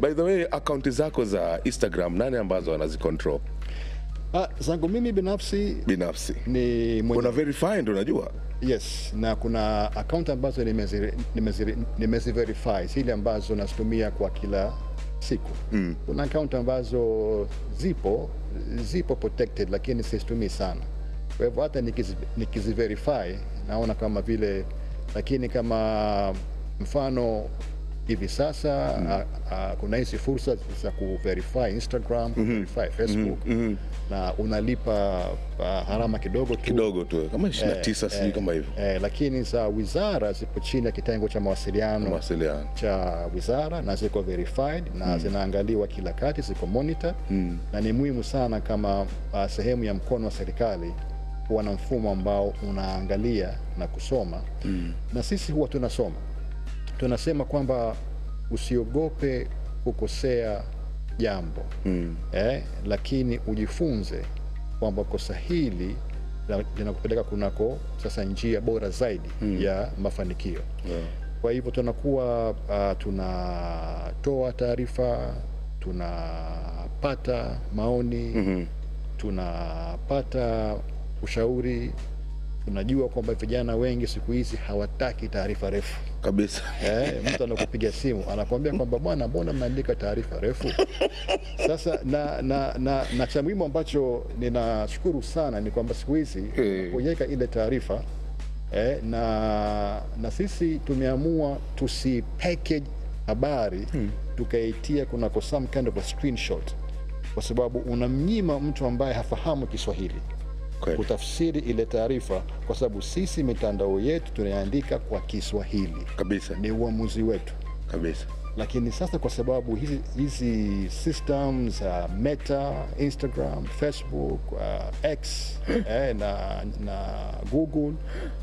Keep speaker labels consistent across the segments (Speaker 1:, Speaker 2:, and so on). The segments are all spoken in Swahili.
Speaker 1: by the way, akaunti zako za Instagram nani ambazo wanazicontrol?
Speaker 2: Ah, zangu mimi binafsi
Speaker 1: binafsi ni mwenye... Una unajua?
Speaker 2: Yes, na kuna account ambazo nimeziverify zile ambazo nazitumia kwa kila siku mm. Kuna account ambazo zipo zipo protected lakini sizitumii sana, kwa hivyo hata nikiziverify nikizi naona kama vile, lakini kama mfano hivi sasa mm -hmm. a, a, kuna hizi fursa za kuverify Instagram, mm -hmm. verify Facebook mm -hmm. na unalipa gharama kidogo tu
Speaker 1: kidogo tu kama 29 eh, sijui eh, kama hivyo
Speaker 2: eh, lakini za wizara zipo chini ya kitengo cha mawasiliano, mawasiliano cha wizara na ziko verified na mm -hmm. zinaangaliwa kila kati, ziko monitor mm -hmm. na ni muhimu sana kama uh, sehemu ya mkono wa serikali kuwa na mfumo ambao unaangalia na kusoma mm -hmm. na sisi huwa tunasoma tunasema kwamba usiogope kukosea jambo mm. eh, lakini ujifunze kwamba kosa hili linakupeleka kunako sasa njia bora zaidi mm. ya mafanikio yeah. Kwa hivyo tunakuwa uh, tunatoa taarifa, tunapata maoni mm -hmm. tunapata ushauri unajua kwamba vijana wengi siku hizi hawataki taarifa refu kabisa. Eh, mtu anakupiga simu anakuambia kwamba bwana, mbona mnaandika taarifa refu? Sasa na, na, na, na cha muhimu ambacho ninashukuru sana ni kwamba siku hizi kuonyeka eh. hey, ile taarifa eh, na, na sisi tumeamua tusi package habari hmm, tukaitia kunako some kind of a screenshot, kwa sababu unamnyima mtu ambaye hafahamu Kiswahili kutafsiri ile taarifa, kwa sababu sisi mitandao yetu tunaandika kwa Kiswahili kabisa, ni uamuzi wetu kabisa. Lakini sasa kwa sababu hizi, hizi system za uh, Meta, Instagram, Facebook, uh, X eh, na, na Google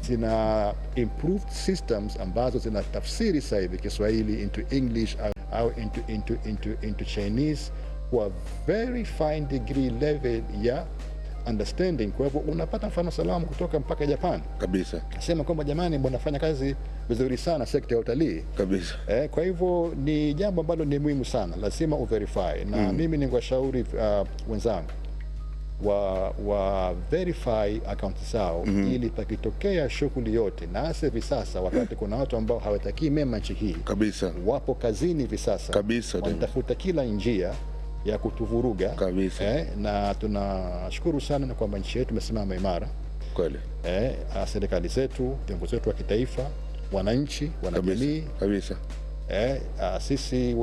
Speaker 2: zina improved systems ambazo zina tafsiri sasa hivi Kiswahili into English au into, into, into, into Chinese kwa very fine degree level ya understanding. Kwa hivyo unapata mfano salamu kutoka mpaka Japan kabisa, nasema kwamba jamani, bwanafanya kazi vizuri sana sekta ya utalii kabisa. Eh, kwa hivyo ni jambo ambalo ni muhimu sana, lazima uverify na mm. mimi ningewashauri uh, wenzangu wa, wa verify akaunti zao mm -hmm. ili pakitokea shughuli yote, na hasa hivi sasa wakati kuna watu ambao hawatakii mema nchi hii kabisa, wapo kazini hivi sasa kabisa, wanatafuta kila njia ya kutuvuruga kabisa eh, na tunashukuru sana na kwamba nchi yetu imesimama imara kweli eh, serikali zetu, viongozi wetu wa kitaifa, wananchi, wanajamii kabisa eh, sisi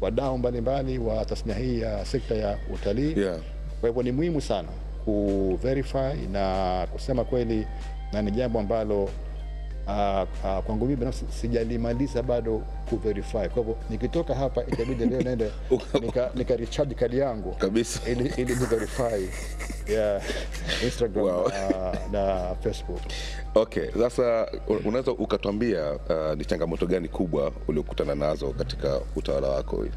Speaker 2: wadau mbalimbali wa tasnia hii ya sekta ya utalii yeah. Kwa hivyo ni muhimu sana verify na kusema kweli, na ni jambo ambalo Uh, kwangu mimi binafsi sijalimaliza bado ku verify. Kwa hivyo nikitoka hapa itabidi leo naende nika, nika recharge kadi yangu kabisa ili, ili ni verify yeah, Instagram wow. uh, na Facebook.
Speaker 1: Okay, sasa unaweza ukatuambia uh, ni changamoto gani kubwa uliokutana nazo katika utawala wako hii?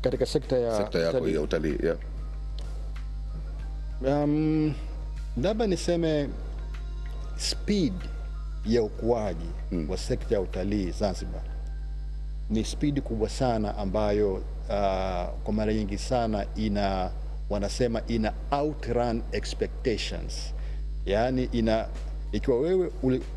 Speaker 2: Katika sekta ya sekta yako ya utalii yeah. Um, labda niseme speed ya ukuaji mm. wa sekta ya utalii Zanzibar ni spidi kubwa sana ambayo uh, kwa mara nyingi sana ina wanasema ina outrun expectations, yaani ina ikiwa wewe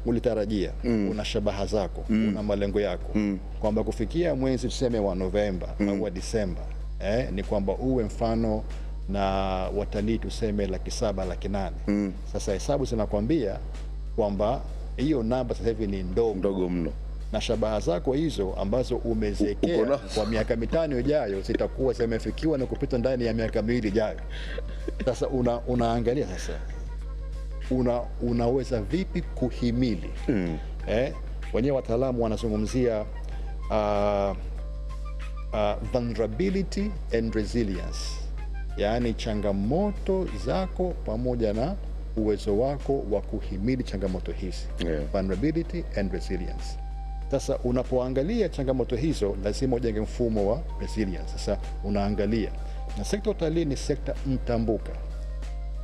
Speaker 2: ulitarajia mm. una shabaha zako mm. una malengo yako mm. kwamba kufikia mwezi tuseme wa Novemba mm. au wa Disemba eh, ni kwamba uwe mfano na watalii tuseme laki saba laki nane mm. Sasa hesabu zinakwambia kwamba hiyo namba sasa hivi ni ndogo, ndogo mno na shabaha zako hizo ambazo umezekea kwa miaka mitano ijayo zitakuwa zimefikiwa na kupita ndani ya miaka miwili ijayo. Sasa una, unaangalia sasa una, unaweza vipi kuhimili mm. Eh, wenyewe wataalamu wanazungumzia uh, uh, vulnerability and resilience, yaani changamoto zako pamoja na uwezo wako wa kuhimili changamoto hizi yeah. vulnerability and resilience. Sasa unapoangalia changamoto hizo, lazima ujenge mfumo wa resilience. Sasa unaangalia na sekta utalii ni sekta mtambuka,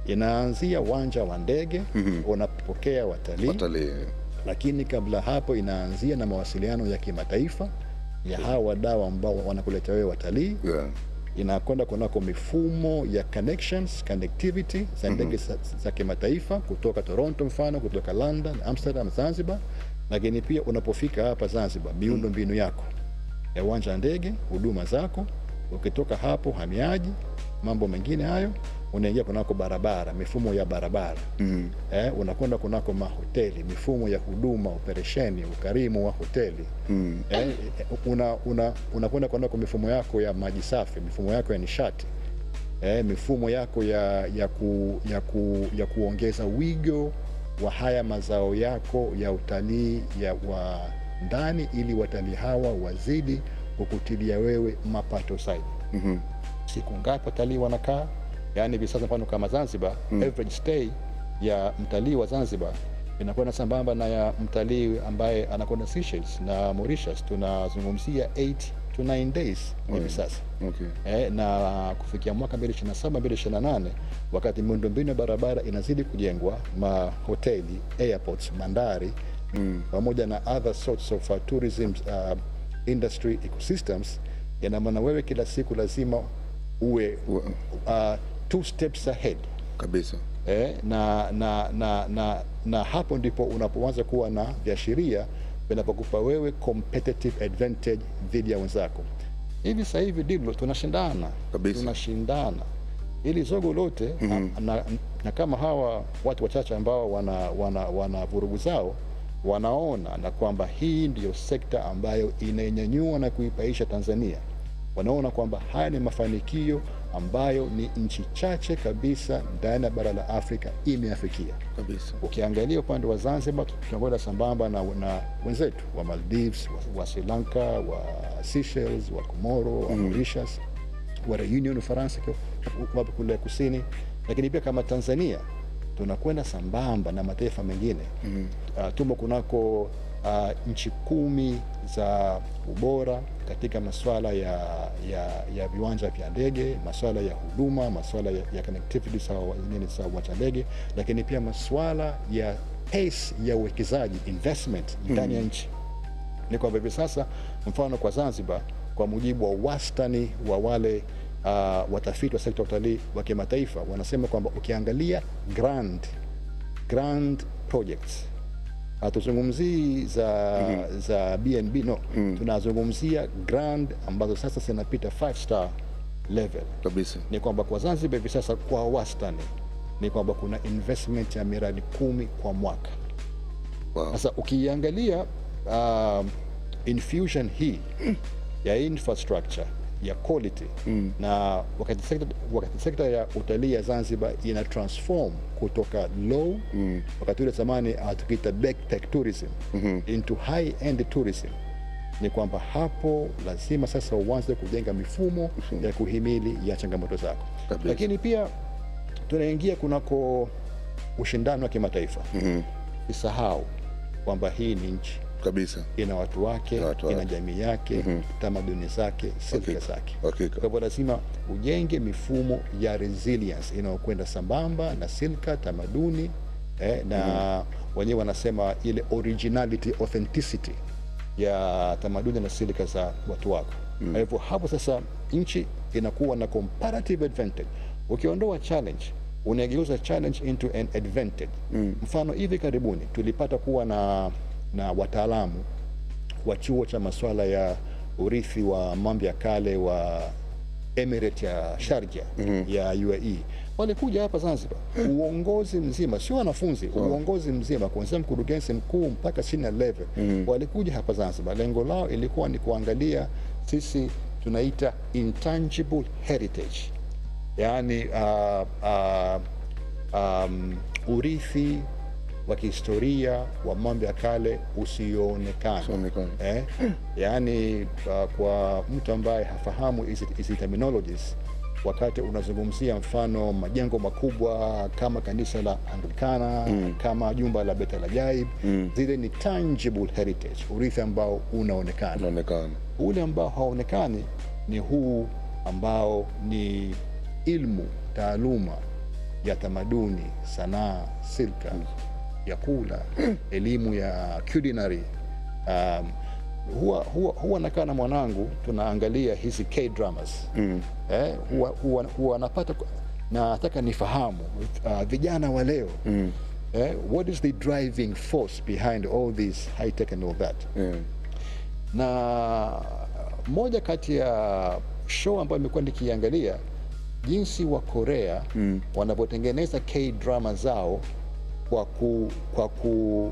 Speaker 2: inaanzia uwanja wa ndege mm -hmm. unapokea watalii watali. Lakini kabla hapo inaanzia na mawasiliano ya kimataifa ya hawa wadau ambao wanakuletea wewe watalii yeah inakwenda kunako mifumo ya connections connectivity za mhm. ndege mm -hmm. za kimataifa kutoka Toronto, mfano kutoka London, Amsterdam, Zanzibar, lakini pia unapofika hapa Zanzibar, miundo mhm. mbinu yako ya uwanja wa ndege, huduma zako, ukitoka hapo hamiaji mambo mengine hayo, unaingia kunako barabara, mifumo ya barabara mm. Eh, unakwenda kunako mahoteli, mifumo ya huduma, operesheni, ukarimu wa hoteli mm. Eh, una, una, unakwenda kunako mifumo yako ya maji safi, mifumo yako ya nishati eh, mifumo yako ya, ya, ku, ya, ku, ya kuongeza wigo wa haya mazao yako ya utalii ya wa ndani ili watalii hawa wazidi kukutilia wewe mapato zaidi. mm -hmm siku ngapi watalii wanakaa. Yaani hivi sasa mfano kama Zanzibar mm. average stay ya mtalii wa Zanzibar inakwenda sambamba na ya mtalii ambaye anakwenda Seychelles na Mauritius, tunazungumzia 8 to 9 days hivi yeah. sasa okay. Eh, na kufikia mwaka 2027 2028, wakati miundombinu ya barabara inazidi kujengwa, mahoteli, airports, bandari hmm. pamoja mm. na other sorts of uh, tourism uh, industry ecosystems, ina maana wewe kila siku lazima uwe uh, two steps ahead kabisa eh, na, na, na, na, na hapo ndipo unapoanza kuwa na viashiria vinapokupa wewe competitive advantage dhidi ya wenzako. Hivi sasa hivi dilo tunashindana kabisa, tunashindana ili zogo lote mm -hmm. na, na, na kama hawa watu wachache ambao wana, wana, wana vurugu zao wanaona na kwamba hii ndiyo sekta ambayo inainyanyua na kuipaisha Tanzania wanaona kwamba haya ni mafanikio ambayo ni nchi chache kabisa ndani ya bara la Afrika imeafikia kabisa. Ukiangalia upande wa Zanzibar tunakwenda sambamba na, na wenzetu wa Maldives, wa, wa Sri Lanka, wa Seychelles, wa Komoro, wa mm. Mauritius, wa Reunion Ufaransa kule kusini, lakini pia kama Tanzania tunakwenda sambamba na mataifa mengine mm. Uh, tumo kunako uh, nchi kumi za ubora katika masuala ya, ya, ya viwanja vya ndege, masuala ya huduma, masuala ya, ya connectivity uwanja ndege, lakini pia masuala ya pace ya uwekezaji investment ndani ya mm. nchi. Ni kwamba hivi sasa, mfano kwa Zanzibar, kwa mujibu wa wastani wa wale uh, watafiti wa sekta ya utalii wa kimataifa wanasema kwamba ukiangalia grand, grand projects hatuzungumzii za, mm -hmm. za BNB no mm. tunazungumzia grand ambazo sasa zinapita five star level kabisa. Ni kwamba kwa Zanzibar hivi sasa kwa wastani ni kwamba kuna investment ya miradi kumi kwa mwaka. Sasa wow. ukiangalia uh, infusion hii ya infrastructure ya quality mm. na wakati sekta, wakati sekta ya utalii ya Zanzibar ina transform kutoka low mm. wakati ule zamani back tech tourism mm -hmm. into high end tourism ni kwamba hapo lazima sasa uanze kujenga mifumo mm -hmm. ya kuhimili ya changamoto zako Lakini pia tunaingia kunako ushindani wa kimataifa mm -hmm. Isahau kwamba hii ni nchi kabisa, ina watu wake, ina, watu wake. ina jamii yake mm -hmm. tamaduni zake, silika zake. Kwa hivyo lazima ujenge mifumo ya resilience inayokwenda sambamba na silka tamaduni eh, na mm -hmm. wenyewe wanasema ile originality, authenticity ya tamaduni na silika za watu wako mhm. kwa hivyo hapo sasa nchi inakuwa na comparative advantage. Ukiondoa challenge unageuza challenge into an advantage mm. Mfano hivi karibuni tulipata kuwa na na wataalamu wa chuo cha masuala ya urithi wa mambo ya kale wa Emirate ya Sharjah mm -hmm. ya UAE walikuja hapa Zanzibar, uongozi mzima, sio wanafunzi, oh. uongozi mzima kuanzia mkurugenzi mkuu mpaka senior level mm -hmm. walikuja hapa Zanzibar. Lengo lao ilikuwa ni kuangalia sisi tunaita intangible heritage, yani uh, ah, uh, ah, um, urithi wa kihistoria wa mambo ya kale usioonekana eh? Yaani uh, kwa mtu ambaye hafahamu hizi terminologies wakati unazungumzia mfano majengo makubwa kama kanisa la Anglikana mm. kama jumba la beta la jaib mm. zile ni tangible heritage, urithi ambao unaonekana. Unaonekana ule ambao haonekani ni huu ambao ni ilmu, taaluma ya tamaduni, sanaa, silka mm ya kula, elimu ya culinary um, huwa, huwa, huwa nakaa na mwanangu tunaangalia hizi K dramas mm. Eh, huwa, huwa, huwa napata nataka nifahamu uh, vijana wa leo mm. eh, what is the driving force behind all this high tech and all that mm. na moja kati ya show ambayo imekuwa nikiangalia jinsi wa Korea mm. wanavyotengeneza K drama zao kwa, ku, kwa, ku,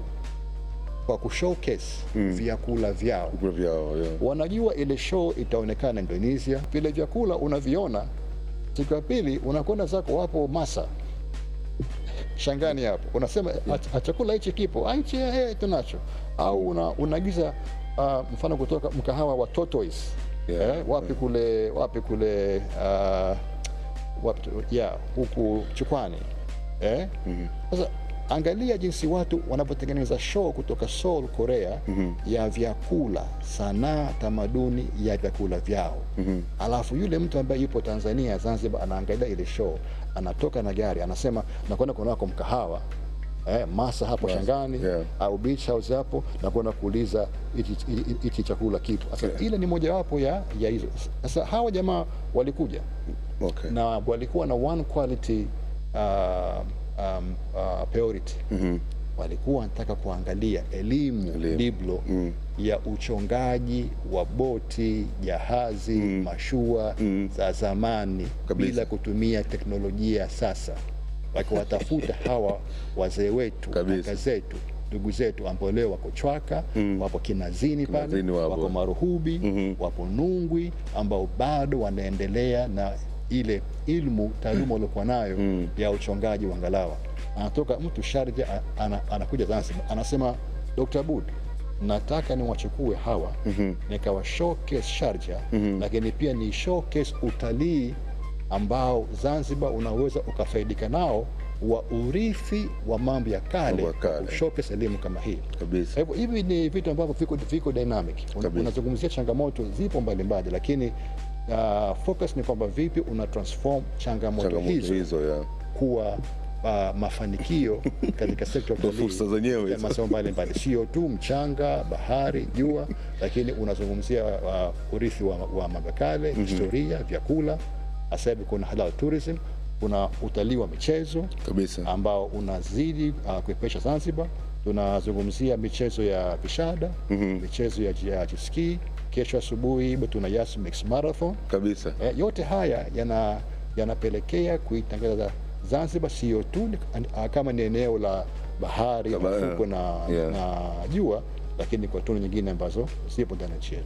Speaker 2: kwa showcase mm. vyakula vyao,
Speaker 1: vyao yeah.
Speaker 2: Wanajua ile show itaonekana Indonesia, vile vyakula unaviona. Siku ya pili unakwenda zako, wapo Masa Shangani hapo unasema yeah. chakula hichi kipo hichi ah, eh, eh, tunacho, au mm. unaagiza uh, mfano kutoka mkahawa wa Totois yeah. eh, wapi kule wapi kule uh, wapi, yeah, huku Chukwani eh? mm -hmm. Angalia jinsi watu wanavyotengeneza show kutoka Seoul, Korea mm -hmm. ya vyakula, sanaa, tamaduni ya vyakula vyao mm -hmm. alafu yule mtu ambaye yupo Tanzania, Zanzibar, anaangalia ile show, anatoka na gari, anasema nakwenda kwa mkahawa Eh, Masa hapo yes, Shangani yeah. au beach house hapo na kwenda kuuliza hichi chakula kipo sasa yeah. Ile ni mojawapo ya ya hizo. Sasa hawa jamaa walikuja okay. na walikuwa na one quality uh, priority mm -hmm. walikuwa wanataka kuangalia elimu diblo mm -hmm. ya uchongaji wa boti jahazi mm -hmm. mashua mm -hmm. za zamani Kabisa. bila kutumia teknolojia sasa, wakiwatafuta hawa wazee wetu kaka zetu ndugu zetu ambao leo wako Chwaka mm. wapo Kinazini pale wako Maruhubi mm -hmm. wapo Nungwi ambao bado wanaendelea na ile ilmu taaluma mm. waliokuwa nayo mm. ya uchongaji wa ngalawa anatoka mtu Sharja anakuja Zanzibar, anasema Dr. Bud, nataka niwachukue hawa mm -hmm. nikawa showcase Sharja mm -hmm. lakini pia ni showcase utalii ambao Zanzibar unaweza ukafaidika nao wa urithi wa mambo ya kale, showcase elimu kama hii kabisa. Kwa hivyo hivi ni vitu ambavyo viko viko dynamic. Unazungumzia changamoto zipo mbalimbali, lakini uh, focus ni kwamba vipi una transform changamoto, changamoto hizo, hizo yeah. kuwa uh, mafanikio katika sekta ya
Speaker 1: fursa zenyewe
Speaker 2: ya masomo mbalimbali, sio tu mchanga, bahari, jua, lakini unazungumzia uh, urithi wa, wa Mabakale mm -hmm. historia, vyakula, hasa hivi kuna halal tourism kuna utalii wa michezo kabisa ambao unazidi uh, kuipesha Zanzibar. Tunazungumzia michezo ya vishada mm -hmm. michezo ya, ya jiski. Kesho asubuhi tuna Yas Mix Marathon kabisa. Eh, yote haya yanapelekea yana kuitangaza Zanzibar sio tu kama ni eneo la bahari, mafuko na, na jua, lakini kwa tunu nyingine ambazo zipo ndani ya nchi yetu.